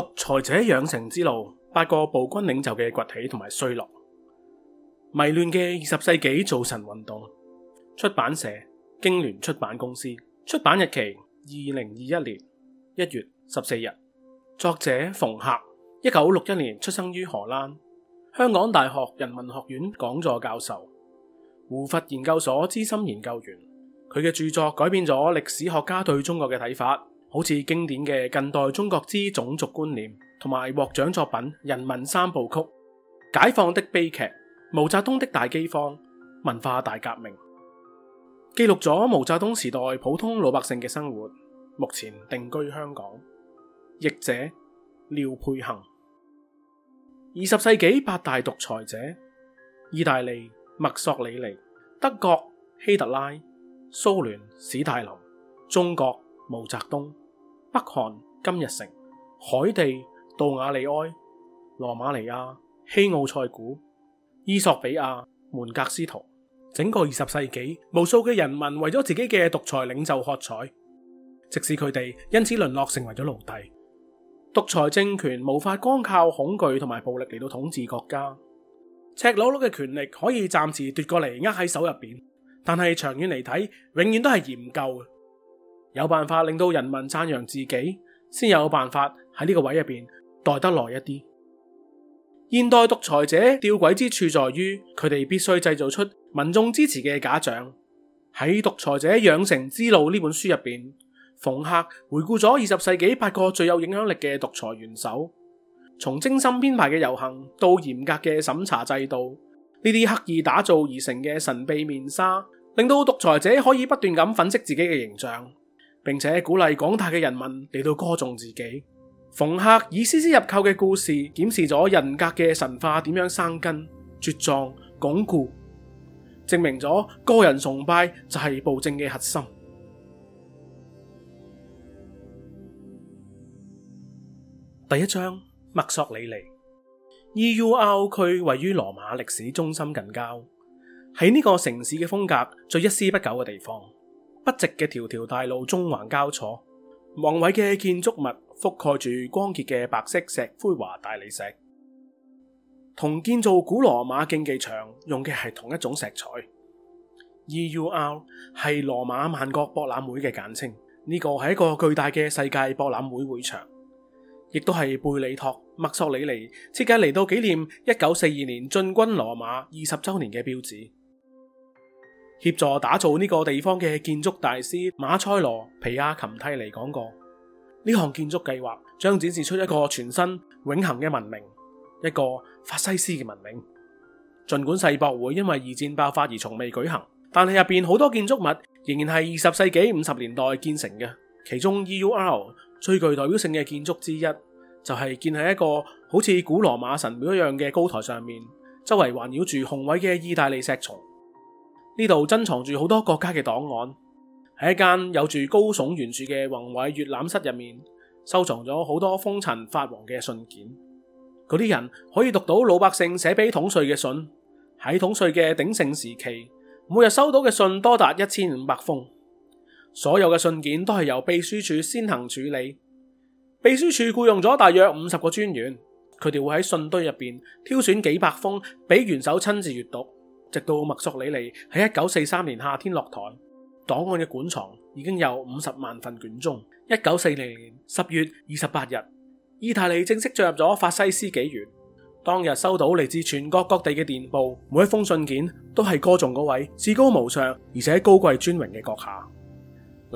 獨裁者養成之路：八個暴君領袖嘅崛起同埋衰落。迷亂嘅二十世紀造神運動。出版社：聯經出版公司。出版日期：二零二一年一月十四日。作者：馮客。一九六一年出生於荷蘭，香港大學人文學院講座教授，胡佛研究所資深研究員。佢嘅著作改變咗歷史學家對中國嘅睇法。好似經典嘅近代中國之種族觀念，同埋獲獎作品《人民三部曲》《解放的悲劇》《毛澤東的大飢荒》《文化大革命》，記錄咗毛澤東時代普通老百姓嘅生活。目前定居香港，譯者廖珮杏。二十世紀八大獨裁者：意大利墨索里尼、德國希特拉、蘇聯史太林、中國毛澤東。北韓、金日成、海地、杜瓦利埃、羅馬尼亞、希奧塞古、衣索比亞、門格斯圖，整個二十世紀，無數嘅人民為咗自己嘅獨裁領袖喝彩，即使佢哋因此淪落成為咗奴隸，獨裁政權無法光靠恐懼同埋暴力嚟到統治國家，赤裸裸嘅權力可以暫時奪過嚟握喺手入邊，但係長遠嚟睇，永遠都係嫌唔夠嘅。有辦法令到人民贊揚自己，先有辦法喺呢個位入邊待得耐一啲。現代獨裁者吊詭之處在於，佢哋必須製造出民眾支持嘅假象。喺《獨裁者養成之路》呢本書入邊，馮客回顧咗二十世紀八個最有影響力嘅獨裁元首，從精心編排嘅遊行到嚴格嘅審查制度，呢啲刻意打造而成嘅神秘面紗，令到獨裁者可以不斷咁粉飾自己嘅形象。並且鼓勵廣大嘅人民嚟到歌頌自己。馮客以絲絲入扣嘅故事，檢視咗人格嘅神化點樣生根、茁壯、鞏固，證明咗個人崇拜就係暴政嘅核心。第一章，墨索里尼。E.U.R. 區位於羅馬歷史中心近郊，喺呢個城市嘅風格最一絲不苟嘅地方。筆直嘅條條大路縱橫交錯，宏偉嘅建築物覆蓋住光潔嘅白色石灰華大理石，同建造古羅馬競技場用嘅係同一種石材。E.U.R 係羅馬萬國博覽會嘅簡稱，呢個係一個巨大嘅世界博覽會會場，亦都係貝里托·墨索里尼設計嚟到紀念一九四二年進軍羅馬二十周年嘅標誌。協助打造呢個地方嘅建築大師馬塞羅皮亞琴蒂尼講過：呢項建築計劃將展示出一個全新永恒嘅文明，一個法西斯嘅文明。盡管世博會因為二戰爆發而從未舉行，但係入邊好多建築物仍然係二十世紀五十年代建成嘅。其中 E.U.R 最具代表性嘅建築之一，就係、是、建喺一個好似古羅馬神廟一樣嘅高台上面，周圍環繞住宏偉嘅意大利石松。呢度珍藏住好多國家嘅檔案，喺一間有住高聳圓柱嘅宏偉閱覽室入面，收藏咗好多封塵發黃嘅信件。嗰啲人可以讀到老百姓寫俾統帥嘅信。喺統帥嘅鼎盛時期，每日收到嘅信多達一千五百封。所有嘅信件都係由秘書處先行處理。秘書處雇傭咗大約五十個專員，佢哋會喺信堆入邊挑選幾百封俾元首親自閱讀。直到墨索里尼喺一九四三年夏天落台，檔案嘅館藏已經有五十萬份卷宗。一九四零年十月二十八日，意大利正式進入咗法西斯紀元。當日收到嚟自全國各，各地嘅電報，每一封信件都係歌頌嗰位至高無上而且高貴尊榮嘅閣下。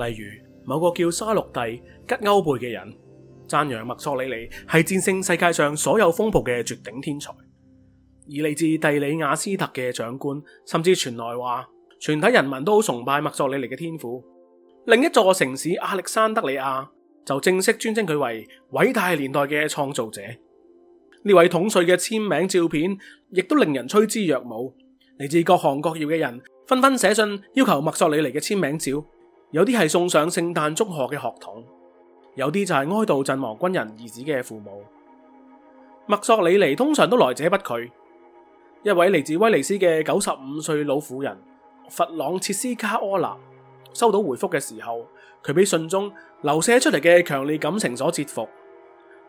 例如，某個叫沙洛蒂吉歐貝嘅人，讚揚墨索里尼係戰勝世界上所有風暴嘅絕頂天才。而嚟自蒂里亞斯特嘅長官甚至傳來話，全體人民都好崇拜墨索里尼嘅天賦。另一座城市亞歷山德里亞就正式尊稱佢為偉大年代嘅創造者。呢位統帥嘅簽名照片亦都令人趨之若鶩。嚟自各行各業嘅人紛紛寫信要求墨索里尼嘅簽名照，有啲係送上聖誕祝賀嘅學童，有啲就係哀悼陣亡軍人兒子嘅父母。墨索里尼通常都來者不拒。一位嚟自威尼斯嘅九十五歲老婦人弗朗切斯卡·柯納收到回覆嘅時候，佢被信中流寫出嚟嘅強烈感情所折服。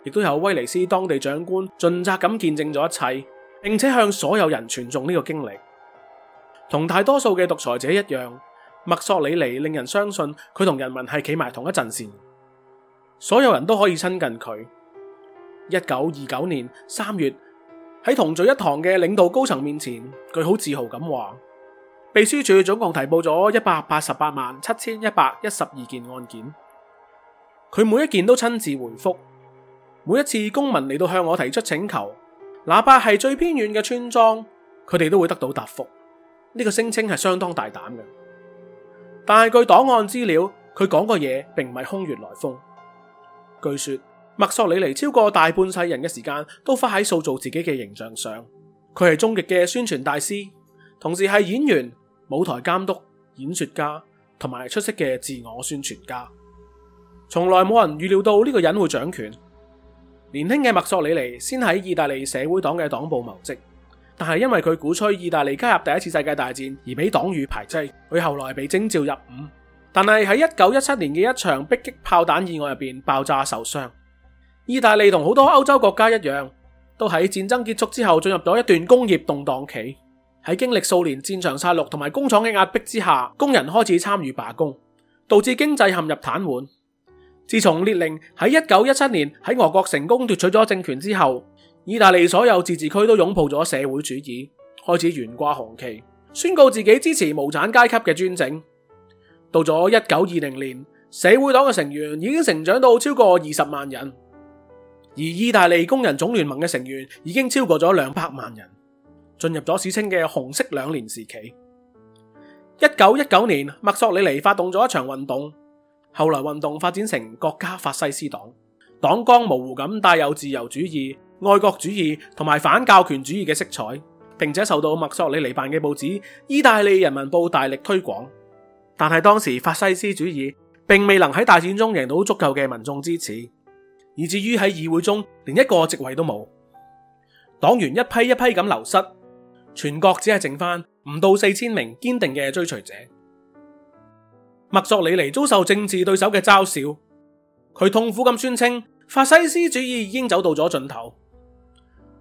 亦都有威尼斯當地長官盡責咁見證咗一切，並且向所有人傳頌呢個經歷。同大多數嘅獨裁者一樣，墨索里尼令人相信佢同人民係企埋同一陣線，所有人都可以親近佢。一九二九年三月。喺同聚一堂嘅領導高層面前，佢好自豪咁話：秘書處總共提報咗一百八十八萬七千一百一十二件案件，佢每一件都親自回復。每一次公民嚟到向我提出請求，哪怕係最偏遠嘅村莊，佢哋都會得到答覆呢個聲稱係相當大膽嘅，但係據檔案資料，佢講嘅嘢並唔係空穴來風。據說。墨索里尼超過大半世人嘅時間都花喺塑造自己嘅形象上，佢係終極嘅宣傳大師，同時係演員、舞台監督、演說家，同埋出色嘅自我宣傳家。從來冇人預料到呢個人會掌權。年輕嘅墨索里尼先喺意大利社會黨嘅黨部謀職，但係因為佢鼓吹意大利加入第一次世界大戰而俾黨羽排擠，佢後來被徵召入伍，但係喺一九一七年嘅一場迫擊炮彈意外入邊爆炸受傷。意大利同好多歐洲國家一樣，都喺戰爭結束之後進入咗一段工業動盪期。喺經歷數年戰場殺戮同埋工廠嘅壓迫之下，工人開始參與罷工，導致經濟陷入癱瘓。自從列寧喺一九一七年喺俄國成功奪取咗政權之後，意大利所有自治區都擁抱咗社會主義，開始懸掛紅旗，宣告自己支持無產階級嘅專政。到咗一九二零年，社會黨嘅成員已經成長到超過二十萬人。而意大利工人總聯盟嘅成員已經超過咗兩百萬人，進入咗史稱嘅紅色兩年時期。一九一九年，墨索里尼發動咗一場運動，後來運動發展成國家法西斯黨，黨綱模糊咁帶有自由主義、愛國主義同埋反教權主義嘅色彩，並且受到墨索里尼辦嘅報紙《意大利人民報》大力推廣。但係當時法西斯主義並未能喺大選中贏到足夠嘅民眾支持。而至於喺議會中連一個席位都冇，黨員一批一批咁流失，全國只係剩翻唔到四千名堅定嘅追隨者。墨索里尼遭受政治對手嘅嘲笑，佢痛苦咁宣稱法西斯主義已經走到咗盡頭，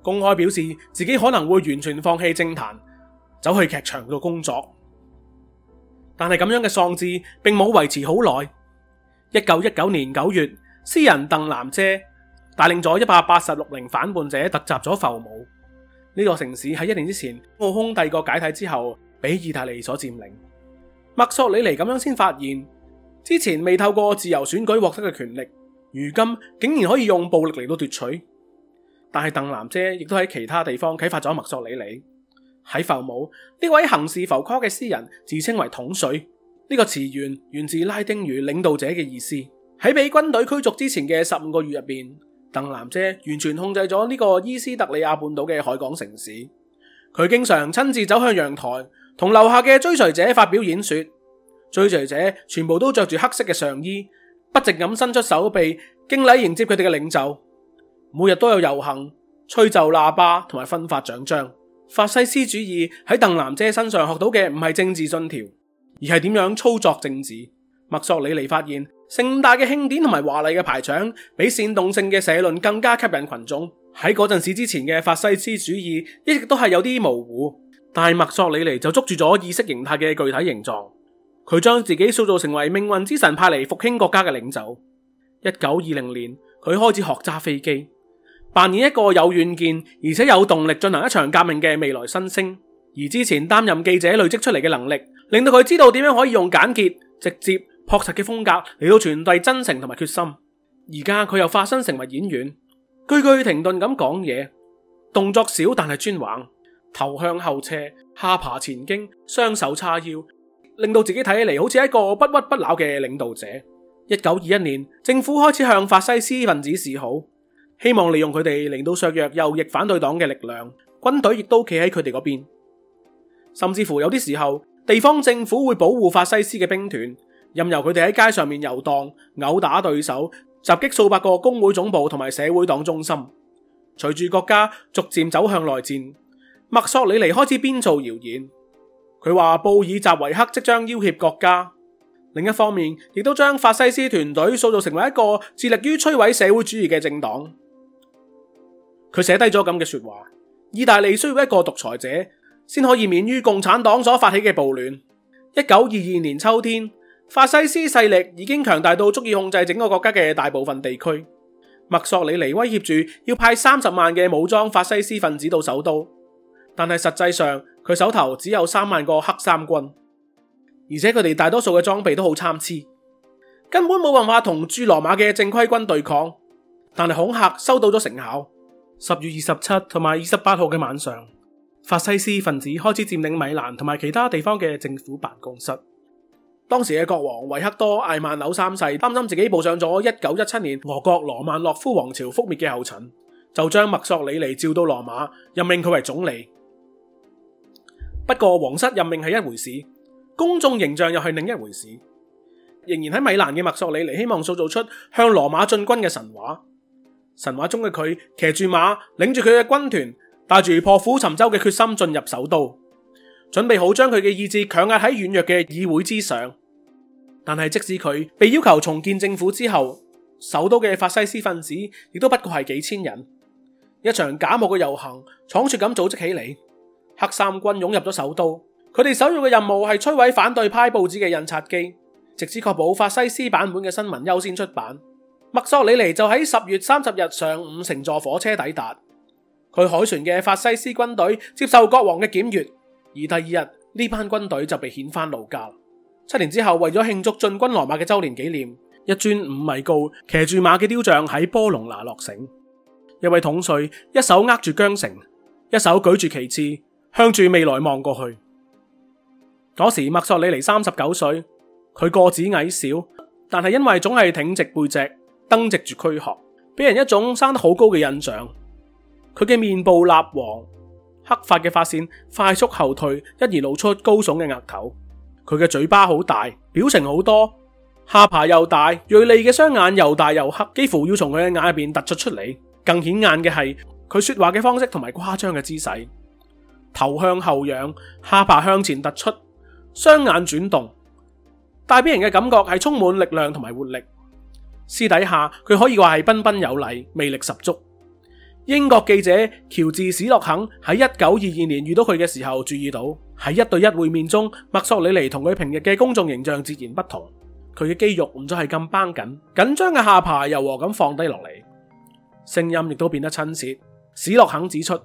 公開表示自己可能會完全放棄政壇，走去劇場度工作。但係咁樣嘅喪志並冇維持好耐。一九一九年九月，詩人鄧南遮帶領咗一百八十六名反叛者突襲咗浮母。呢座城市喺一年之前奧匈帝國解體之後，俾意大利所佔領。墨索里尼咁樣先發現，之前未透過自由選舉獲得嘅權力，如今竟然可以用暴力嚟到奪取。但係鄧南遮亦都喺其他地方啟發咗墨索里尼。喺浮母，呢位行事浮誇嘅詩人自稱為統帥，呢個詞源源自拉丁語領導者嘅意思。喺被軍隊驅逐之前嘅十五個月入邊，鄧南遮完全控制咗呢個伊斯特里亞半島嘅海港城市。佢經常親自走向陽台，同樓下嘅追隨者發表演說。追隨者全部都着住黑色嘅上衣，不直咁伸出手臂，敬禮迎接佢哋嘅領袖。每日都有遊行、吹奏喇叭同埋分發獎章。法西斯主義喺鄧南遮身上學到嘅唔係政治信條，而係點樣操作政治。墨索里尼發現盛大嘅慶典同埋華麗嘅排場，比煽動性嘅社論更加吸引群眾。喺嗰陣時之前嘅法西斯主義一直都係有啲模糊，但係墨索里尼就捉住咗意識形態嘅具體形狀。佢將自己塑造成為命運之神派嚟復興國家嘅領袖。一九二零年，佢開始學揸飛機，扮演一個有遠見而且有動力進行一場革命嘅未來新星。而之前擔任記者累積出嚟嘅能力，令到佢知道點樣可以用簡潔直接，樸實嘅風格嚟到傳遞真誠同埋決心。而家佢又化身成為演員，句句停頓咁講嘢，動作少但係專橫，頭向後斜，下巴前傾，雙手叉腰，令到自己睇起嚟好似一個不屈不撓嘅領導者。一九二一年，政府開始向法西斯分子示好，希望利用佢哋嚟到削弱右翼反對黨嘅力量，軍隊亦都企喺佢哋嗰邊，甚至乎有啲時候，地方政府會保護法西斯嘅兵團。任由佢哋喺街上面遊蕩，毆打對手，襲擊數百個工會總部同埋社會黨中心。隨住國家逐漸走向內戰，墨索里尼開始編造謠言。佢話布爾什維克即將要挾國家，另一方面亦都將法西斯團隊塑造成為一個致力於摧毀社會主義嘅政黨。佢寫低咗咁嘅說話：意大利需要一個獨裁者先可以免於共產黨所發起嘅暴亂。一九二二年秋天。法西斯勢力已經強大到足以控制整個國家嘅大部分地區。墨索里尼威脅住要派三十萬嘅武裝法西斯分子到首都，但係實際上佢手頭只有三萬個黑衫軍，而且佢哋大多數嘅裝備都好參差，根本冇辦法同駐羅馬嘅正規軍對抗。但係恐嚇收到咗成效。十月二十七同埋二十八號嘅晚上，法西斯分子開始佔領米蘭同埋其他地方嘅政府辦公室。當時嘅國王維克多艾曼紐三世擔心自己步上咗一九一七年俄國羅曼諾夫王朝覆滅嘅後塵，就將墨索里尼召到羅馬，任命佢為總理。不過皇室任命係一回事，公眾形象又係另一回事。仍然喺米蘭嘅墨索里尼希望塑造出向羅馬進軍嘅神話，神話中嘅佢騎住馬，領住佢嘅軍團，帶住破釜沉舟嘅決心進入首都，準備好將佢嘅意志強壓喺軟弱嘅議會之上。但係，即使佢被要求重建政府之後，首都嘅法西斯分子亦都不過係幾千人。一場假冒嘅遊行，倉促咁組織起嚟。黑衫軍湧入咗首都，佢哋首要嘅任務係摧毀反對派報紙嘅印刷機，直至確保法西斯版本嘅新聞優先出版。墨索里尼就喺十月三十日上午乘坐火車抵達。佢海船嘅法西斯軍隊接受國王嘅檢閱，而第二日呢班軍隊就被遣返老家。七年之後，為咗慶祝進軍羅馬嘅周年紀念，一尊五米高騎住馬嘅雕像喺波隆拿落成。一位統帥，一手握住韁繩，一手舉住旗幟，向住未來望過去。嗰時，墨索里尼三十九歲，佢個子矮小，但係因為總係挺直背脊，登直住軀殼，俾人一種生得好高嘅印象。佢嘅面部蠟黃，黑髮嘅髮線快速後退，因而露出高聳嘅額頭。佢嘅嘴巴好大，表情好多，下巴又大，銳利嘅雙眼又大又黑，幾乎要從佢嘅眼入邊突出出嚟。更顯眼嘅係佢說話嘅方式同埋誇張嘅姿勢，頭向後仰，下巴向前突出，雙眼轉動，帶俾人嘅感覺係充滿力量同埋活力。私底下佢可以話係彬彬有禮，魅力十足。英國記者喬治史洛肯喺一九二二年遇到佢嘅時候，注意到。喺一對一會面中，墨索里尼同佢平日嘅公眾形象截然不同。佢嘅肌肉唔再係咁繃緊，緊張嘅下巴又和咁放低落嚟，聲音亦都變得親切。史諾肯指出，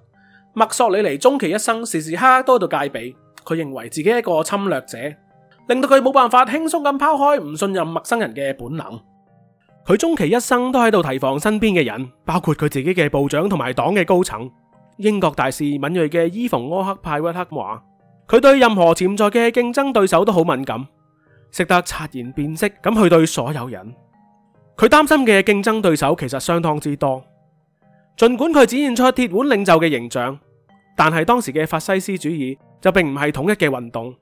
墨索里尼終其一生時時刻刻都喺度戒備，佢認為自己係一個侵略者，令到佢冇辦法輕鬆咁拋開唔信任陌生人嘅本能。佢終其一生都喺度提防身邊嘅人，包括佢自己嘅部長同埋黨嘅高層。英國大使敏銳嘅伊馮柯克派屈克話。佢對任何潛在嘅競爭對手都好敏感，識得察言辨色咁去對所有人。佢擔心嘅競爭對手其實相當之多。盡管佢展現出鐵腕領袖嘅形象，但係當時嘅法西斯主義就並唔係統一嘅運動，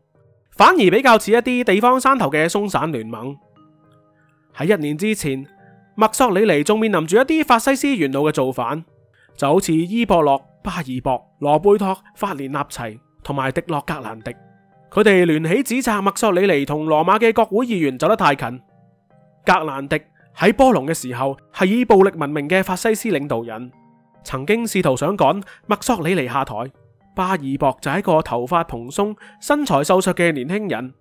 反而比較似一啲地方山頭嘅鬆散聯盟。喺一年之前，墨索里尼仲面臨住一啲法西斯元老嘅造反，就好似伊博洛、巴爾博、羅貝托、法連納齊，同埋迪洛格蘭迪，佢哋聯起指責墨索里尼同羅馬嘅國會議員走得太近。格蘭迪喺波隆嘅時候係以暴力聞名嘅法西斯領導人，曾經試圖想趕墨索里尼下台。巴爾博就係一個頭髮蓬鬆、身材瘦削嘅年輕人，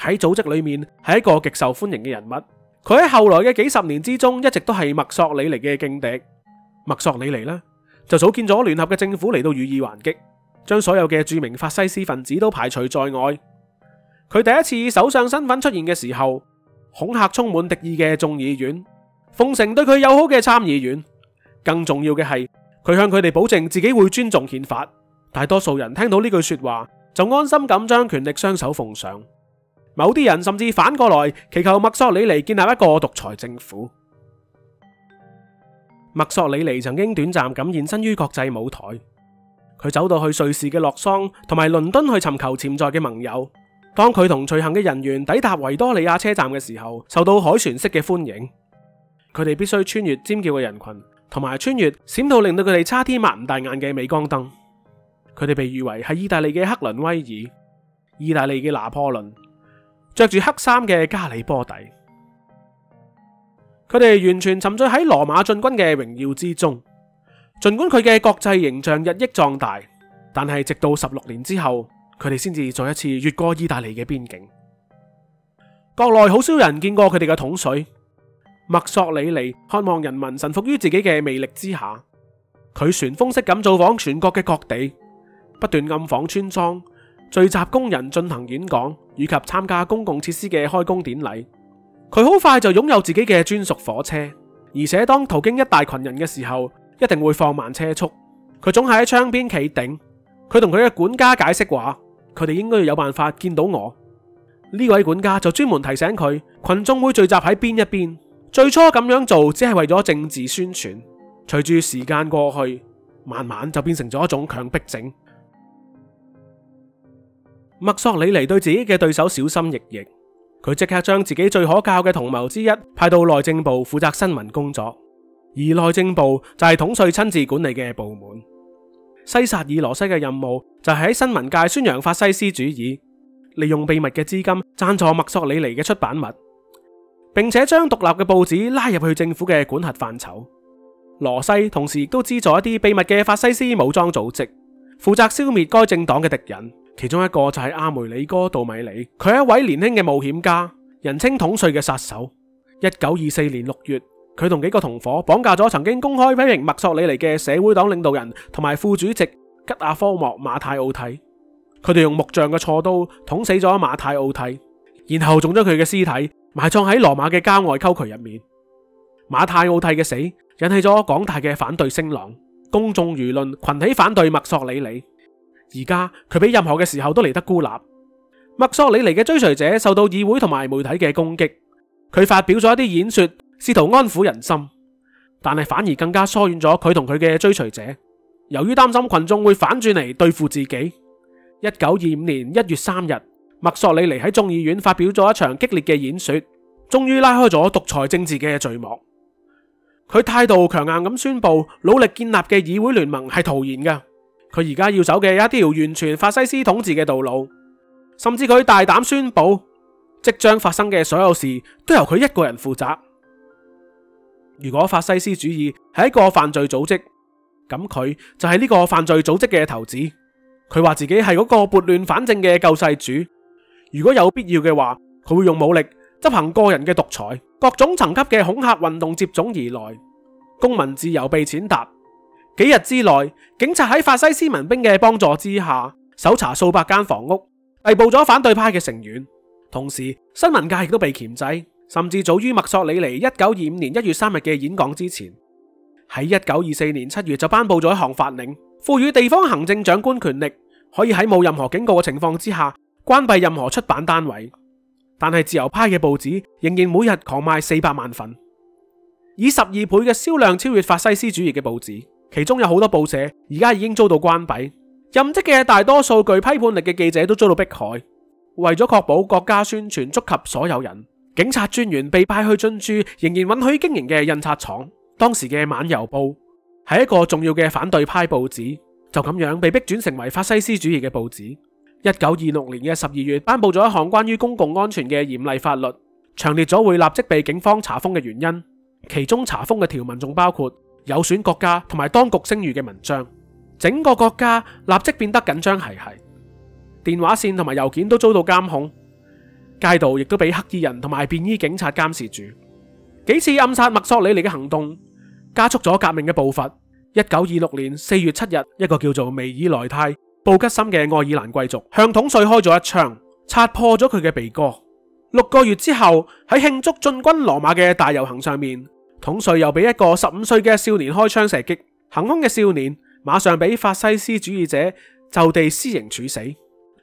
喺組織裏面係一個極受歡迎嘅人物。佢喺後來嘅幾十年之中一直都係墨索里尼嘅勁敵。墨索里尼呢，就組建咗聯合嘅政府嚟到予以還擊。將所有嘅著名法西斯分子都排除在外。佢第一次以首相身份出現嘅時候，恐嚇充滿敵意嘅眾議院，奉承對佢友好嘅參議院。更重要嘅係，佢向佢哋保證自己會尊重憲法。大多數人聽到呢句說話就安心咁將權力雙手奉上。某啲人甚至反過來祈求墨索里尼建立一個獨裁政府。墨索里尼曾經短暫咁現身於國際舞台。佢走到去瑞士嘅洛桑同埋倫敦去尋求潛在嘅盟友。當佢同隨行嘅人員抵達維多利亞車站嘅時候，受到凱旋式嘅歡迎。佢哋必須穿越尖叫嘅人群，同埋穿越閃到令到佢哋差啲擘唔大眼嘅鎂光燈。佢哋被譽為係意大利嘅克倫威爾、意大利嘅拿破崙、着住黑衫嘅加里波底，佢哋完全沉醉喺羅馬進軍嘅榮耀之中。儘管佢嘅國際形象日益壯大，但係直到十六年之後，佢哋先至再一次越過意大利嘅邊境。國內好少人見過佢哋嘅桶水。墨索里尼渴望人民臣服於自己嘅魅力之下，佢旋風式咁造訪全國嘅各地，不斷暗訪村莊，聚集工人進行演講以及參加公共設施嘅開工典禮。佢好快就擁有自己嘅專屬火車，而且當途經一大群人嘅時候，一定會放慢車速。佢總係喺窗邊企定。佢同佢嘅管家解釋話：佢哋應該要有辦法見到我。呢位管家就專門提醒佢，群眾會聚集喺邊一邊。最初咁樣做只係為咗政治宣傳，隨住時間過去，慢慢就變成咗一種強迫症。墨索里尼對自己嘅對手小心翼翼。佢即刻將自己最可靠嘅同謀之一派到內政部負責新聞工作。而內政部就係統帥親自管理嘅部門。西薩爾羅西嘅任務就係喺新聞界宣揚法西斯主義，利用秘密嘅資金贊助墨索里尼嘅出版物，並且將獨立嘅報紙拉入去政府嘅管轄範疇。羅西同時亦都資助一啲秘密嘅法西斯武裝組織，負責消滅該政黨嘅敵人。其中一個就係阿梅里哥杜米里，佢係一位年輕嘅冒險家，人稱統帥嘅殺手。一九二四年六月。佢同幾個同伙綁架咗曾經公開批評墨索里尼嘅社會黨領導人同埋副主席吉亞科莫馬泰奧蒂，佢哋用木匠嘅銼刀捅死咗馬泰奧蒂，然後仲將佢嘅屍體埋葬喺羅馬嘅郊外溝渠入面。馬泰奧蒂嘅死引起咗廣大嘅反對聲浪，公衆輿論群起反對墨索里尼。而家佢比任何嘅時候都嚟得孤立，墨索里尼嘅追隨者受到議會同埋媒體嘅攻擊。佢發表咗一啲演說。試圖安撫人心，但係反而更加疏遠咗佢同佢嘅追隨者。由於擔心群眾會反轉嚟對付自己，一九二五年一月三日，墨索里尼喺眾議院發表咗一場激烈嘅演說，終於拉開咗獨裁政治嘅序幕。佢態度強硬咁宣佈，努力建立嘅議會聯盟係徒然嘅。佢而家要走嘅係一條完全法西斯統治嘅道路，甚至佢大膽宣佈，即將發生嘅所有事都由佢一個人負責。如果法西斯主義係一個犯罪組織，咁佢就係呢個犯罪組織嘅頭子。佢話自己係嗰個撥亂反正嘅救世主。如果有必要嘅話，佢會用武力執行個人嘅獨裁。各種層級嘅恐嚇運動接踵而來，公民自由被踐踏。幾日之內，警察喺法西斯民兵嘅幫助之下，搜查數百間房屋，逮捕咗反對派嘅成員，同時新聞界亦都被鉗制。甚至早於墨索里尼一九二五年一月三日嘅演講之前，喺一九二四年七月就頒布咗一項法令，賦予地方行政長官權力，可以喺冇任何警告嘅情況之下關閉任何出版單位。但係自由派嘅報紙仍然每日狂賣四百萬份，以十二倍嘅銷量超越法西斯主義嘅報紙。其中有好多報社而家已經遭到關閉，任職嘅大多數具批判力嘅記者都遭到迫害。為咗確保國家宣傳觸及所有人，警察專員被派去進駐仍然允許經營嘅印刷廠。當時嘅《晚郵報》係一個重要嘅反對派報紙，就咁樣被逼轉成為法西斯主義嘅報紙。一九二六年嘅十二月，頒布咗一項關於公共安全嘅嚴厲法律，詳列咗會立即被警方查封嘅原因。其中查封嘅條文仲包括有損國家同埋當局聲譽嘅文章。整個國家立即變得緊張兮兮，電話線同埋郵件都遭到監控。街道亦都俾黑衣人同埋便衣警察監視住。幾次暗殺墨索里尼嘅行動，加速咗革命嘅步伐。一九二六年四月七日，一個叫做梅爾內泰·布吉森嘅愛爾蘭貴族向統帥開咗一槍，擦破咗佢嘅鼻哥。六個月之後，喺慶祝進軍羅馬嘅大遊行上面，統帥又俾一個十五歲嘅少年開槍射擊。行凶嘅少年馬上俾法西斯主義者就地私刑處死。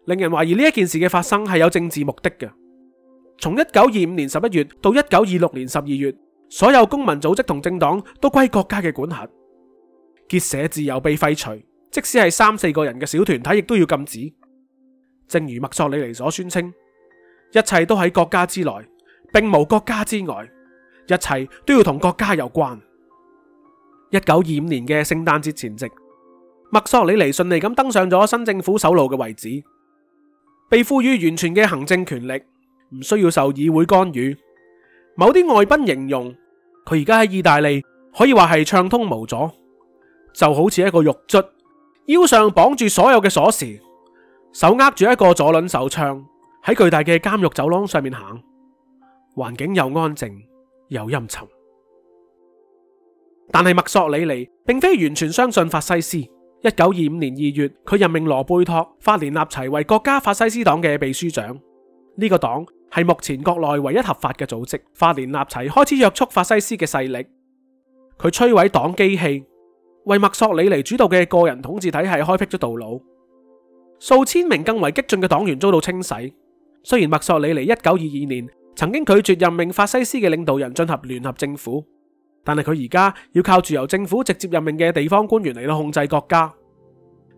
令人懷疑呢一件事嘅發生係有政治目的嘅。從一九二五年十一月到一九二六年十二月，所有公民組織同政黨都歸國家嘅管轄。結社自由被廢除，即使係三四個人嘅小團體，亦都要禁止。正如墨索里尼所宣稱，一切都喺國家之內，並無國家之外，一切都要同國家有關。一九二五年嘅聖誕節前夕，墨索里尼順利咁登上咗新政府首腦嘅位置，被賦予完全嘅行政權力。唔需要受議會干預。某啲外賓形容佢而家喺意大利可以話係暢通無阻，就好似一個獄卒，腰上綁住所有嘅鎖匙，手握住一個左輪手槍，喺巨大嘅監獄走廊上面行，環境又安靜又陰沉。但係墨索里尼並非完全相信法西斯。一九二五年二月，佢任命羅貝托·法連納齊爲國家法西斯黨嘅秘書長，呢個黨。係目前國內唯一合法嘅組織，法里納齊開始約束法西斯嘅勢力。佢摧毀黨機器，為墨索里尼主導嘅個人統治體系開闢咗道路。數千名更為激進嘅黨員遭到清洗。雖然墨索里尼一九二二年曾經拒絕任命法西斯嘅領導人進入聯合政府，但係佢而家要靠住由政府直接任命嘅地方官員嚟到控制國家。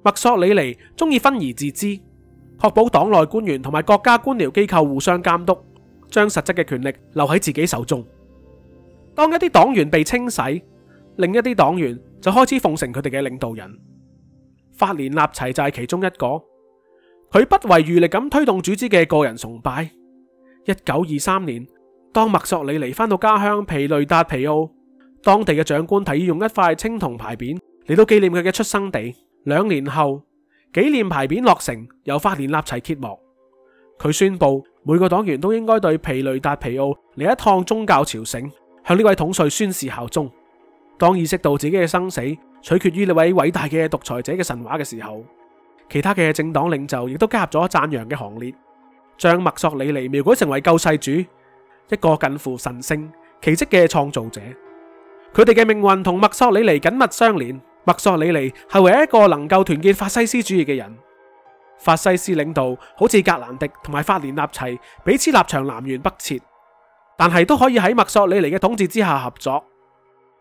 墨索里尼中意分而治之。確保黨內官員同埋國家官僚機構互相監督，將實質嘅權力留喺自己手中。當一啲黨員被清洗，另一啲黨員就開始奉承佢哋嘅領導人。法連納齊就係其中一個，佢不遺餘力咁推動主子嘅個人崇拜。一九二三年，當墨索里尼翻到家鄉皮雷達皮奧，當地嘅長官提議用一塊青銅牌匾嚟到紀念佢嘅出生地。兩年後，紀念牌匾落成，又花年立齊揭幕。佢宣佈每個黨員都應該對皮雷達皮奧嚟一趟宗教朝聖，向呢位統帥宣誓效忠。當意識到自己嘅生死取決於呢位偉大嘅獨裁者嘅神話嘅時候，其他嘅政黨領袖亦都加入咗讚揚嘅行列，將墨索里尼描繪成為救世主，一個近乎神聖奇蹟嘅創造者。佢哋嘅命運同墨索里尼緊密相連。墨索里尼係唯一一個能夠團結法西斯主義嘅人。法西斯領導好似格蘭迪同埋法連納齊，彼此立場南轅北轍，但係都可以喺墨索里尼嘅統治之下合作。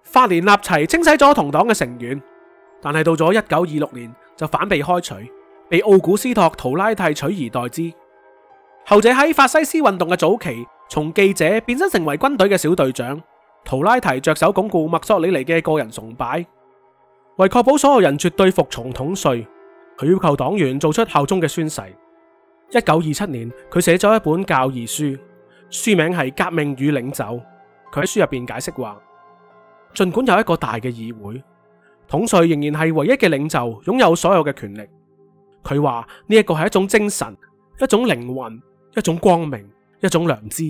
法連納齊清洗咗同黨嘅成員，但係到咗一九二六年就反被開除，被奧古斯托·圖拉蒂取而代之。後者喺法西斯運動嘅早期，從記者變身成為軍隊嘅小隊長。圖拉蒂着手鞏固墨索里尼嘅個人崇拜。為確保所有人絕對服從統帥，佢要求黨員做出效忠嘅宣誓。一九二七年，佢寫咗一本教義書，書名係《革命與領袖》。佢喺書入邊解釋話，盡管有一個大嘅議會，統帥仍然係唯一嘅領袖，擁有所有嘅權力。佢話呢一個係一種精神，一種靈魂，一種光明，一種良知。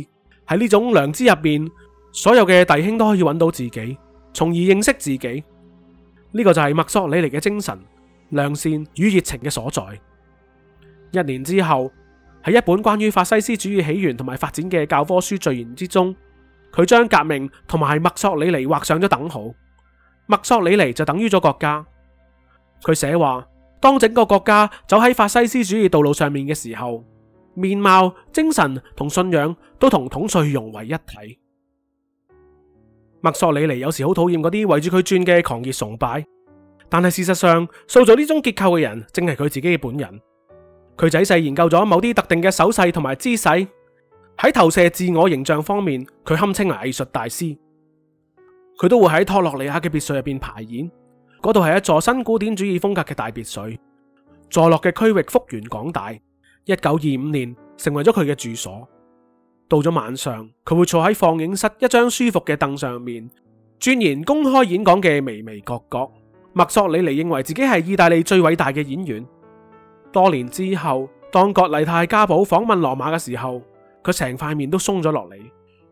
喺呢種良知入邊，所有嘅弟兄都可以揾到自己，從而認識自己。呢個就係墨索里尼嘅精神、良善與熱情嘅所在。一年之後，喺一本關於法西斯主義起源同埋發展嘅教科書序言之中，佢將革命同埋墨索里尼畫上咗等號。墨索里尼就等於咗國家。佢寫話：當整個國家走喺法西斯主義道路上面嘅時候，面貌、精神同信仰都同統帥融為一體。墨索里尼有時好討厭嗰啲圍住佢轉嘅狂熱崇拜，但係事實上塑造呢種結構嘅人正係佢自己嘅本人。佢仔細研究咗某啲特定嘅手勢同埋姿勢，喺投射自我形象方面，佢堪稱係藝術大師。佢都會喺托洛尼亞嘅別墅入邊排演，嗰度係一座新古典主義風格嘅大別墅。座落嘅區域幅員廣大，一九二五年成為咗佢嘅住所。到咗晚上，佢會坐喺放映室一張舒服嘅凳上面，鑽研公開演講嘅眉眉角角。墨索里尼認為自己係意大利最偉大嘅演員。多年之後，當葛麗泰嘉寶訪問羅馬嘅時候，佢成塊面都鬆咗落嚟，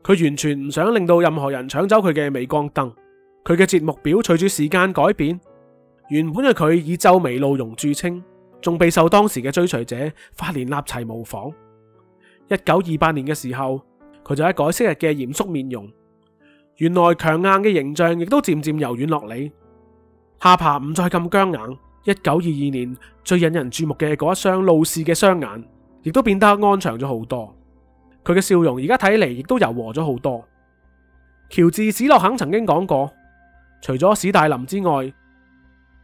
佢完全唔想令到任何人搶走佢嘅鎂光燈。佢嘅節目表隨住時間改變，原本嘅佢以皺眉怒容著稱，仲備受當時嘅追隨者法蓮納齊模仿。一九二八年嘅時候，佢就一改昔日嘅嚴肅面容，原來強硬嘅形象亦都漸漸柔軟落嚟，下巴唔再咁僵硬。一九二二年最引人注目嘅嗰一雙怒視嘅雙眼，亦都變得安詳咗好多。佢嘅笑容而家睇嚟亦都柔和咗好多。喬治史諾肯曾經講過，除咗史大林之外，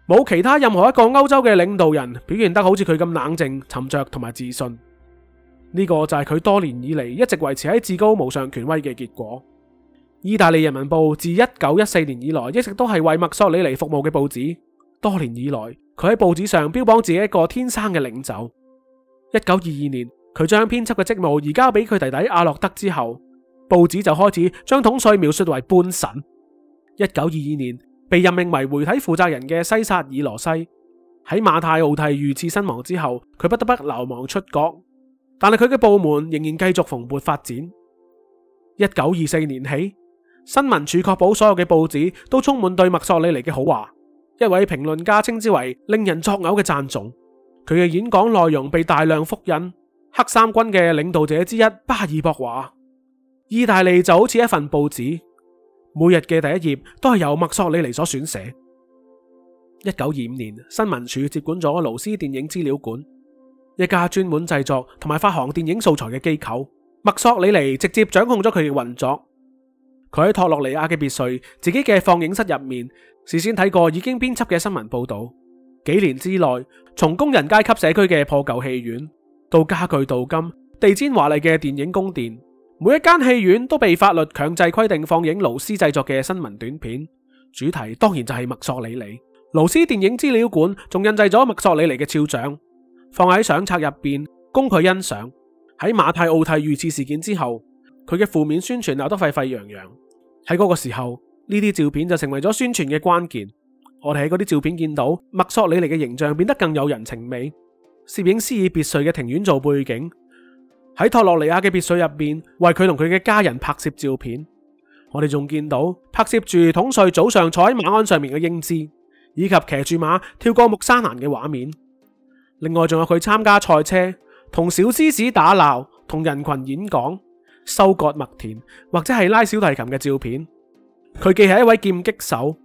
冇其他任何一個歐洲嘅領導人表現得好似佢咁冷靜、沉着同埋自信。呢個就係佢多年以嚟一直維持喺至高無上權威嘅結果。意大利人民報自一九一四年以來，一直都係為墨索里尼服務嘅報紙。多年以來，佢喺報紙上標榜自己一個天生嘅領袖。一九二二年，佢將編輯嘅職務移交俾佢弟弟阿諾德之後，報紙就開始將統帥描述為半神。一九二二年，被任命為媒體負責人嘅西薩爾羅西喺馬太奧蒂遇刺身亡之後，佢不得不流亡出國。但係佢嘅部門仍然繼續蓬勃發展。一九二四年起，新聞處確保所有嘅報紙都充滿對墨索里尼嘅好話。一位評論家稱之為令人作嘔嘅讚頌。佢嘅演講內容被大量複印。黑衫軍嘅領導者之一巴爾博話：意大利就好似一份報紙，每日嘅第一頁都係由墨索里尼所選寫。一九二五年，新聞處接管咗盧斯電影資料館。一家專門製作同埋發行電影素材嘅機構，墨索里尼直接掌控咗佢嘅運作。佢喺托洛尼亞嘅別墅，自己嘅放映室入面，事先睇過已經編輯嘅新聞報道。幾年之內，從工人階級社區嘅破舊戲院到家具鍍金、地氈華麗嘅電影宮殿，每一間戲院都被法律強制規定放映勞斯製作嘅新聞短片，主題當然就係墨索里尼。勞斯電影資料館仲印製咗墨索里尼嘅肖像。放喺相冊入邊供佢欣賞。喺馬泰奧蒂遇刺事件之後，佢嘅負面宣傳鬧得沸沸揚揚。喺嗰個時候，呢啲照片就成為咗宣傳嘅關鍵。我哋喺嗰啲照片見到墨索里尼嘅形象變得更有人情味。攝影師以別墅嘅庭院做背景，喺托洛尼亞嘅別墅入邊為佢同佢嘅家人拍攝照片。我哋仲見到拍攝住統帥早上坐喺馬鞍上面嘅英姿，以及騎住馬跳過木柵欄嘅畫面。另外仲有佢參加賽車、同小獅子打鬧、同人群演講、收割麥田或者係拉小提琴嘅照片。佢既係一位劍擊手，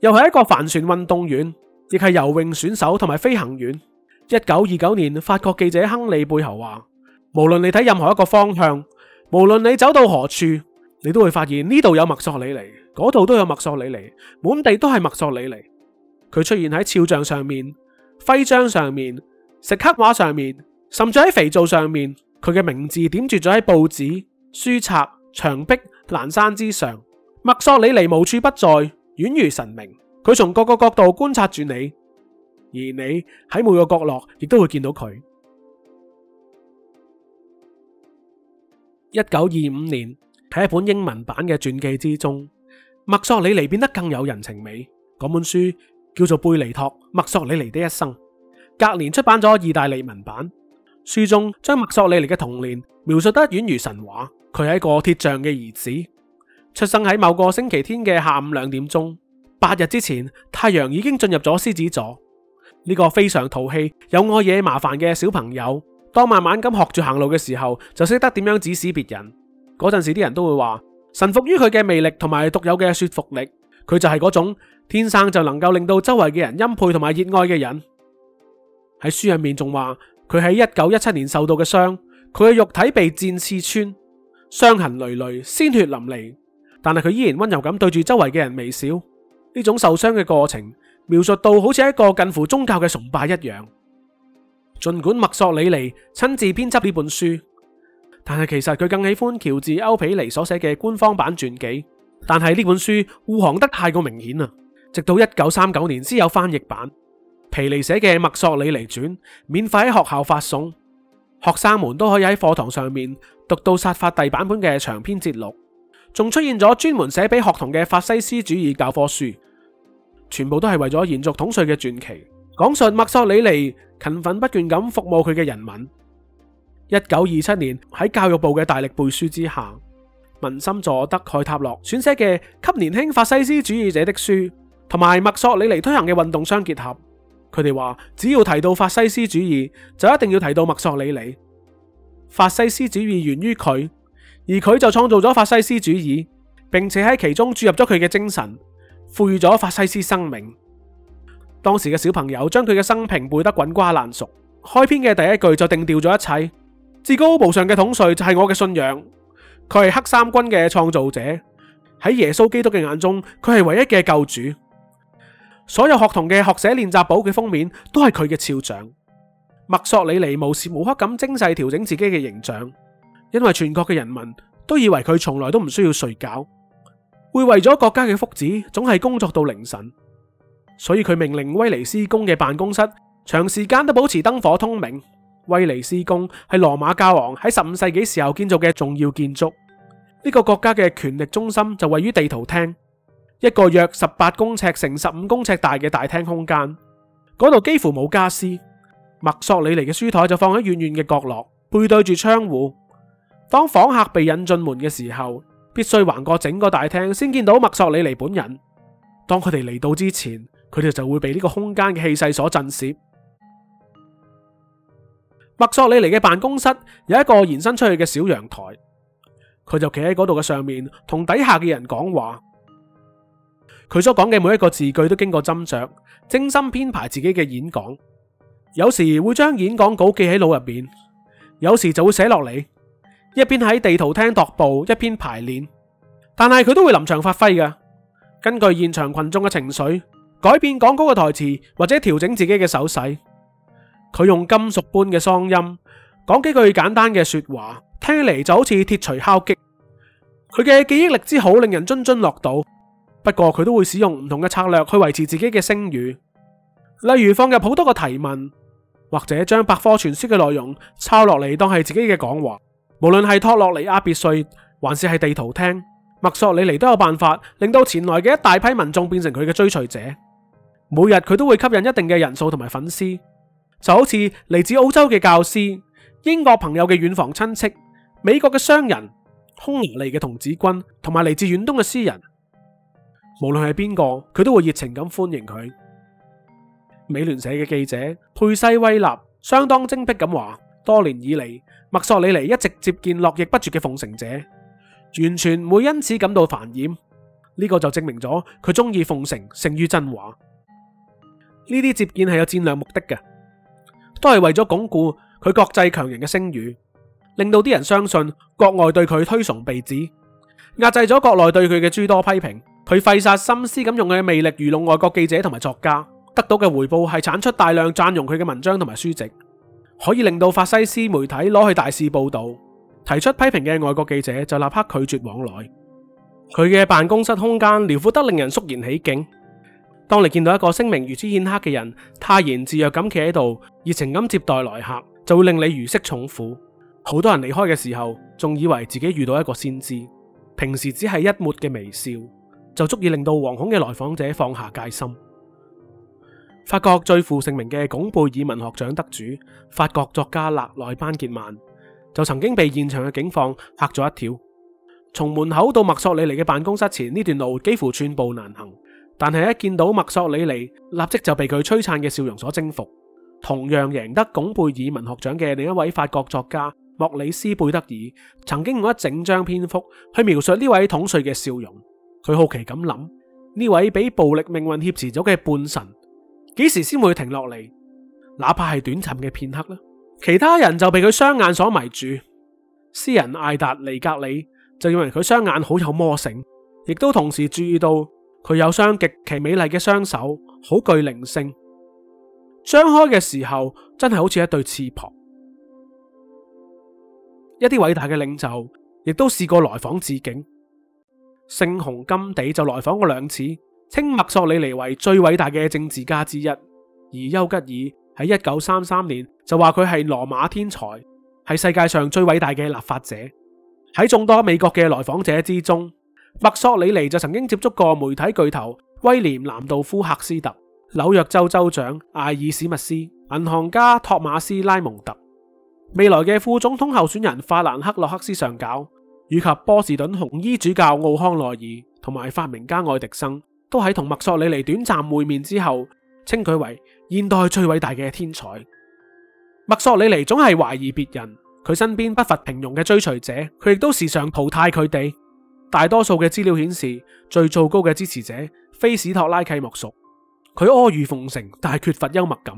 又係一個帆船運動員，亦係游泳選手同埋飛行員。一九二九年，法國記者亨利貝侯話：無論你睇任何一個方向，無論你走到何處，你都會發現呢度有麥索里尼，嗰度都有麥索里尼，滿地都係麥索里尼。佢出現喺肖像上面、徽章上面。食黑畫上面，甚至喺肥皂上面，佢嘅名字點綴咗喺報紙、書冊、牆壁、欄山之上。墨索里尼無處不在，宛如神明。佢從各個角度觀察住你，而你喺每個角落亦都會見到佢。一九二五年喺一本英文版嘅傳記之中，墨索里尼變得更有人情味。嗰本書叫做《貝尼托·墨索里尼的一生》。隔年出版咗意大利文版，書中將墨索里尼嘅童年描述得宛如神話。佢係一個鐵匠嘅兒子，出生喺某個星期天嘅下午兩點鐘。八日之前，太陽已經進入咗獅子座。呢個非常淘氣、有愛惹麻煩嘅小朋友，當慢慢咁學住行路嘅時候，就識得點樣指使別人。嗰陣時啲人都會話臣服於佢嘅魅力同埋獨有嘅說服力。佢就係嗰種天生就能夠令到周圍嘅人欽佩同埋熱愛嘅人。喺書入面仲話佢喺一九一七年受到嘅傷，佢嘅肉體被箭刺穿，傷痕累累，鮮血淋漓，但係佢依然溫柔咁對住周圍嘅人微笑。呢種受傷嘅過程描述到好似一個近乎宗教嘅崇拜一樣。儘管墨索里尼親自編輯呢本書，但係其實佢更喜歡喬治歐皮尼所寫嘅官方版傳記。但係呢本書護航得太過明顯啦，直到一九三九年先有翻譯版。皮尼寫嘅《墨索里尼傳》免費喺學校發送，學生們都可以喺課堂上面讀到薩法蒂版本嘅長篇節錄，仲出現咗專門寫俾學童嘅法西斯主義教科書，全部都係為咗延續統帥嘅傳奇。講述墨索里尼勤奮不倦咁服務佢嘅人民。一九二七年喺教育部嘅大力背書之下，文心助德蓋塔洛選寫嘅《給年輕法西斯主義者的書》，同埋墨索里尼推行嘅運動相結合。佢哋話，只要提到法西斯主義，就一定要提到墨索里尼。法西斯主義源於佢，而佢就創造咗法西斯主義，並且喺其中注入咗佢嘅精神，賦予咗法西斯生命。當時嘅小朋友將佢嘅生平背得滾瓜爛熟，開篇嘅第一句就定調咗一切：至高無上嘅統帥就係我嘅信仰。佢係黑衫軍嘅創造者，喺耶穌基督嘅眼中，佢係唯一嘅救主。所有學童嘅學寫練習簿嘅封面都係佢嘅肖像。墨索里尼，無時無刻咁精細調整自己嘅形象，因為全國嘅人民都以為佢從來都唔需要睡覺，會為咗國家嘅福祉總係工作到凌晨。所以佢命令威尼斯宮嘅辦公室長時間都保持燈火通明。威尼斯宮係羅馬教皇喺十五世紀時候建造嘅重要建築。呢個國家嘅權力中心就位於地圖廳。一個約十八公尺乘十五公尺大嘅大廳空間，嗰度幾乎冇家私。墨索里尼嘅書台就放喺遠遠嘅角落，背對住窗戶。當訪客被引進門嘅時候，必須橫過整個大廳先見到墨索里尼本人。當佢哋嚟到之前，佢哋就會被呢個空間嘅氣勢所震懾。墨索里尼嘅辦公室有一個延伸出去嘅小陽台，佢就企喺嗰度嘅上面，同底下嘅人講話。佢所講嘅每一個字句都經過斟酌，精心編排自己嘅演講。有時會將演講稿記喺腦入邊，有時就會寫落嚟，一邊喺地圖廳踱步，一邊排練。但係佢都會臨場發揮㗎，根據現場群眾嘅情緒改變講稿嘅台詞，或者調整自己嘅手勢。佢用金屬般嘅嗓音講幾句簡單嘅說話，聽起嚟就好似鐵錘敲擊。佢嘅記憶力之好，令人津津樂道。不過佢都會使用唔同嘅策略去維持自己嘅聲譽，例如放入好多個提問，或者將百科全書嘅內容抄落嚟當係自己嘅講話。無論係托洛尼亞別墅，還是係地圖廳，墨索里尼都有辦法令到前來嘅一大批民眾變成佢嘅追隨者。每日佢都會吸引一定嘅人數同埋粉絲，就好似嚟自澳洲嘅教師、英國朋友嘅遠房親戚、美國嘅商人、匈牙利嘅童子軍同埋嚟自遠東嘅詩人。無論係邊個，佢都會熱情咁歡迎佢。美聯社嘅記者佩西威納相當精辟咁話：，多年以嚟，墨索里尼一直接見絡繹不絕嘅奉承者，完全唔會因此感到煩厭。呢個就證明咗佢中意奉承勝於真話。呢啲接見係有戰略目的嘅，都係為咗鞏固佢國際強人嘅聲譽，令到啲人相信國外對佢推崇備至，壓制咗國內對佢嘅諸多批評。佢費煞心思咁用佢嘅魅力愚弄外國記者同埋作家，得到嘅回報係產出大量讚容佢嘅文章同埋書籍，可以令到法西斯媒體攞去大肆報道。提出批評嘅外國記者就立刻拒絕往來。佢嘅辦公室空間遼闊得令人肅然起敬。當你見到一個聲名如此顯赫嘅人，泰然自若咁企喺度，熱情咁接待來客，就會令你如釋重負。好多人離開嘅時候，仲以為自己遇到一個先知。平時只係一抹嘅微笑。就足以令到惶恐嘅來訪者放下戒心。法國最負盛名嘅龔貝爾文學獎得主、法國作家勒內班傑曼就曾經被現場嘅警方嚇咗一跳。從門口到墨索里尼嘅辦公室前呢段路幾乎寸步難行，但係一見到墨索里尼，立即就被佢璀璨嘅笑容所征服。同樣贏得龔貝爾文學獎嘅另一位法國作家莫里斯貝德爾，曾經用一整張篇幅去描述呢位統帥嘅笑容。佢好奇咁諗，呢位俾暴力命運挾持咗嘅半神，幾時先會停落嚟？哪怕係短暫嘅片刻呢？其他人就被佢雙眼所迷住。詩人艾達尼格里就認為佢雙眼好有魔性，亦都同時注意到佢有雙極其美麗嘅雙手，好具靈性，張開嘅時候真係好似一對翅膀。一啲偉大嘅領袖亦都試過來訪致敬。聖雄甘地就來訪過兩次，稱墨索里尼為最偉大嘅政治家之一；而丘吉爾喺一九三三年就話佢係羅馬天才，係世界上最偉大嘅立法者。喺眾多美國嘅來訪者之中，墨索里尼就曾經接觸過媒體巨頭威廉南道夫赫斯特、紐約州州長艾爾史密斯、銀行家托馬斯拉蒙特、未來嘅副總統候選人法蘭克諾克斯上校。以及波士頓紅衣主教奧康奈爾同埋發明家愛迪生，都喺同墨索里尼短暫會面之後，稱佢為現代最偉大嘅天才。墨索里尼總係懷疑別人，佢身邊不乏平庸嘅追隨者，佢亦都時常淘汰佢哋。大多數嘅資料顯示，最糟糕嘅支持者非史托拉契莫屬。佢阿諛奉承，但係缺乏幽默感。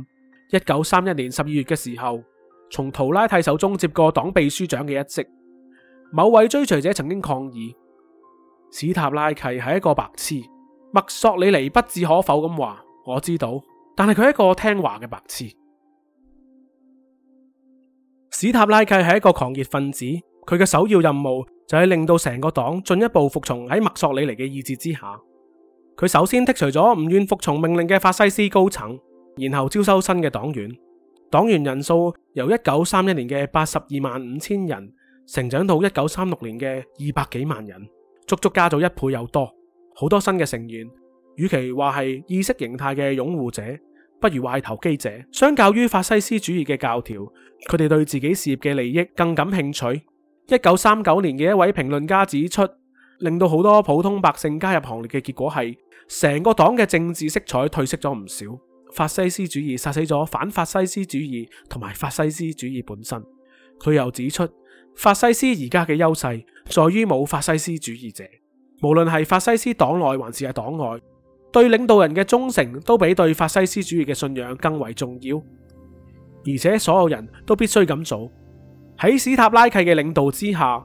一九三一年十二月嘅時候，從圖拉蒂手中接過黨秘書長嘅一職。某位追隨者曾經抗議史塔拉契係一個白痴。墨索里尼不置可否咁話：我知道，但係佢係一個聽話嘅白痴。史塔拉契係一個狂熱分子，佢嘅首要任務就係令到成個黨進一步服從喺墨索里尼嘅意志之下。佢首先剔除咗唔願服從命令嘅法西斯高層，然後招收新嘅黨員。黨員人數由一九三一年嘅八十二萬五千人。成長到一九三六年嘅二百幾萬人，足足加咗一倍有多。好多新嘅成員，與其話係意識形態嘅擁護者，不如話係投機者。相較於法西斯主義嘅教條，佢哋對自己事業嘅利益更感興趣。一九三九年嘅一位評論家指出，令到好多普通百姓加入行列嘅結果係，成個黨嘅政治色彩褪色咗唔少。法西斯主義殺死咗反法西斯主義同埋法西斯主義本身。佢又指出。法西斯而家嘅優勢在於冇法西斯主義者，無論係法西斯黨內還是係黨外，對領導人嘅忠誠都比對法西斯主義嘅信仰更為重要。而且所有人都必須咁做。喺史塔拉契嘅領導之下，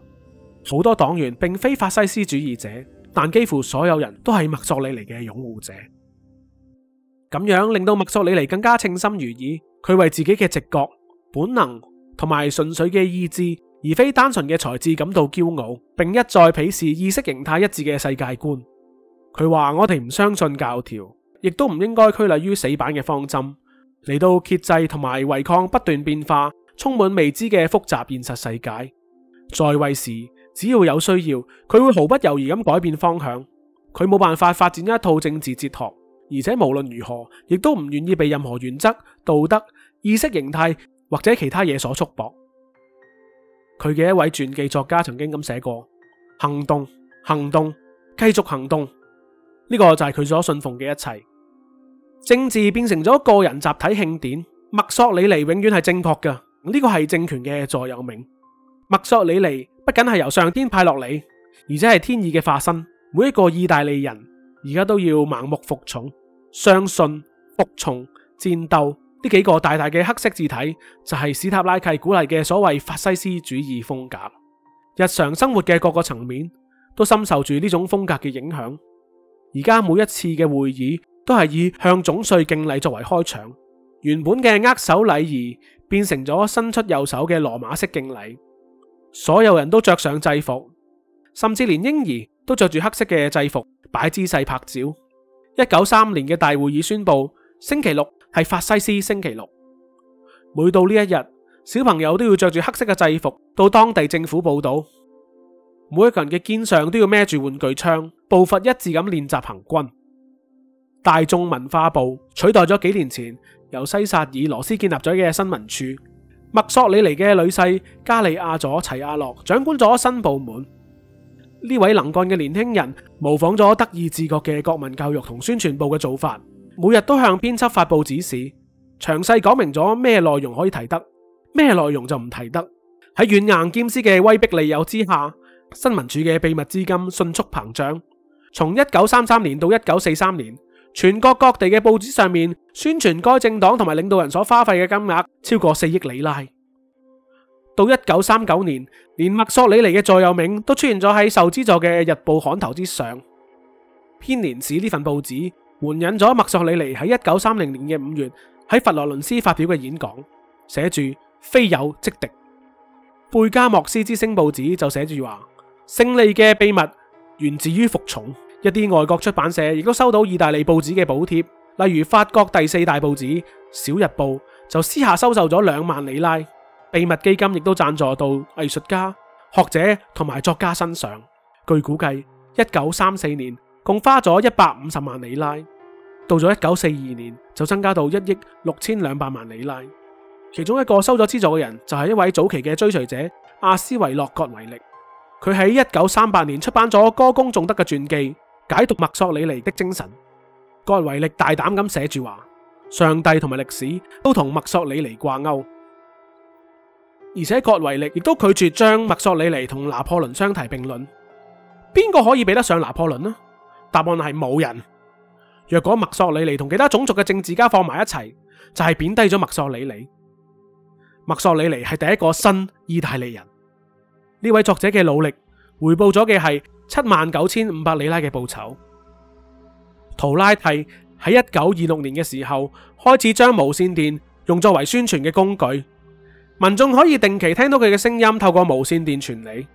好多黨員並非法西斯主義者，但幾乎所有人都係墨索里尼嘅擁護者。咁樣令到墨索里尼更加稱心如意。佢為自己嘅直覺、本能同埋純粹嘅意志，而非單純嘅才智感到驕傲，並一再鄙視意識形態一致嘅世界觀。佢話：我哋唔相信教條，亦都唔應該拘泥於死板嘅方針，嚟到遏制同埋違抗不斷變化、充滿未知嘅複雜現實世界。在位時，只要有需要，佢會毫不猶豫咁改變方向。佢冇辦法發展一套政治哲學，而且無論如何，亦都唔願意被任何原則、道德、意識形態或者其他嘢所束縛。佢嘅一位傳記作家曾經咁寫過：行動，行動，繼續行動。呢個就係佢所信奉嘅一切。政治變成咗個人集體慶典。墨索里尼永遠係正確嘅，呢個係政權嘅座右銘。墨索里尼不僅係由上天派落嚟，而且係天意嘅化身。每一個意大利人而家都要盲目服從、相信、服從、戰鬥。呢幾個大大嘅黑色字體就係史塔拉契鼓勵嘅所謂法西斯主義風格，日常生活嘅各個層面都深受住呢種風格嘅影響。而家每一次嘅會議都係以向總帥敬禮作為開場，原本嘅握手禮儀變成咗伸出右手嘅羅馬式敬禮。所有人都着上制服，甚至連嬰兒都着住黑色嘅制服擺姿勢拍照。一九三五年嘅大會議宣布星期六。係法西斯星期六，每到呢一日，小朋友都要着住黑色嘅制服到當地政府報到，每一個人嘅肩上都要孭住玩具槍，步伐一致咁練習行軍。大眾文化部取代咗幾年前由西薩爾羅斯建立咗嘅新聞處，墨索里尼嘅女婿加利亞佐齊阿諾掌管咗新部門。呢位能幹嘅年輕人模仿咗德意志國嘅國民教育同宣傳部嘅做法。每日都向編輯發布指示，詳細講明咗咩內容可以提得，咩內容就唔提得。喺軟硬兼施嘅威逼利誘之下，新聞處嘅秘密資金迅速膨脹。從一九三三年到一九四三年，全國各地嘅報紙上面宣傳該政黨同埋領導人所花費嘅金額超過四億里拉。到一九三九年，連墨索里尼嘅座右銘都出現咗喺受資助嘅日報刊頭之上。編年史，呢份報紙。援引咗墨索里尼喺一九三零年嘅五月喺佛羅倫斯發表嘅演講，寫住非友即敵。貝加莫斯之星報紙就寫住話，勝利嘅秘密源自於服從。一啲外國出版社亦都收到意大利報紙嘅補貼，例如法國第四大報紙《小日報》就私下收受咗兩萬里拉。秘密基金亦都贊助到藝術家、學者同埋作家身上。據估計，一九三四年。共花咗一百五十萬里拉，到咗一九四二年就增加到一億六千兩百萬里拉。其中一個收咗資助嘅人就係一位早期嘅追隨者，阿斯維洛葛維力。佢喺一九三八年出版咗歌功頌德嘅傳記《解讀墨索里尼的精神》。葛維力大膽咁寫住話，上帝同埋歷史都同墨索里尼掛鈎，而且葛維力亦都拒絕將墨索里尼同拿破崙相提並論。邊個可以比得上拿破崙呢？答案係冇人。若果墨索里尼同其他種族嘅政治家放埋一齊，就係貶低咗墨索里尼。墨索里尼係第一個新意大利人。呢位作者嘅努力回報咗嘅係七萬九千五百里拉嘅報酬。圖拉蒂喺一九二六年嘅時候開始將無線電用作為宣傳嘅工具，民眾可以定期聽到佢嘅聲音透過無線電傳嚟。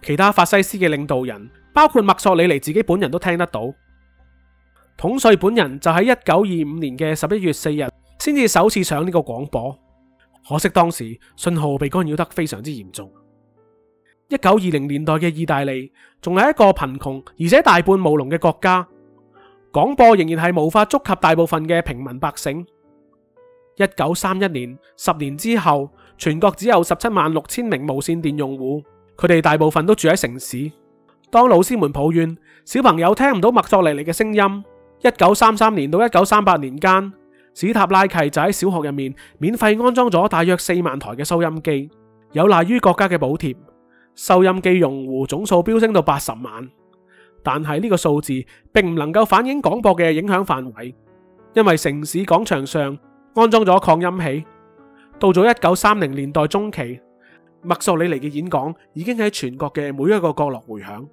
其他法西斯嘅領導人。包括墨索里尼自己本人都聽得到。統帥本人就喺一九二五年嘅十一月四日先至首次上呢個廣播，可惜當時信號被干擾得非常之嚴重。一九二零年代嘅意大利仲係一個貧窮而且大半務農嘅國家，廣播仍然係無法觸及大部分嘅平民百姓。一九三一年，十年之後，全國只有十七萬六千名無綫電用戶，佢哋大部分都住喺城市。當老師們抱怨小朋友聽唔到麥索里尼嘅聲音，一九三三年到一九三八年間，史塔拉契就喺小學入面免費安裝咗大約四萬台嘅收音機，有賴於國家嘅補貼。收音機用戶總數飆升到八十萬，但係呢個數字並唔能夠反映廣播嘅影響範圍，因為城市廣場上安裝咗擴音器。到咗一九三零年代中期，麥索里尼嘅演講已經喺全國嘅每一個角落迴響。